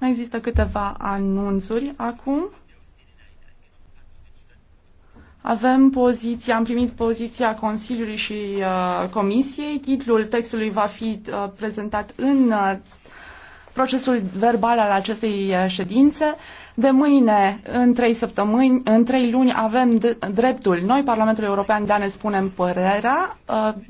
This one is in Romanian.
Mai există câteva anunțuri acum. Avem poziția, am primit poziția Consiliului și uh, Comisiei. Titlul textului va fi uh, prezentat în uh, procesul verbal al acestei uh, ședințe. De mâine, în trei săptămâni, în trei luni, avem dreptul, noi, Parlamentul European, de a ne spunem părerea. Uh,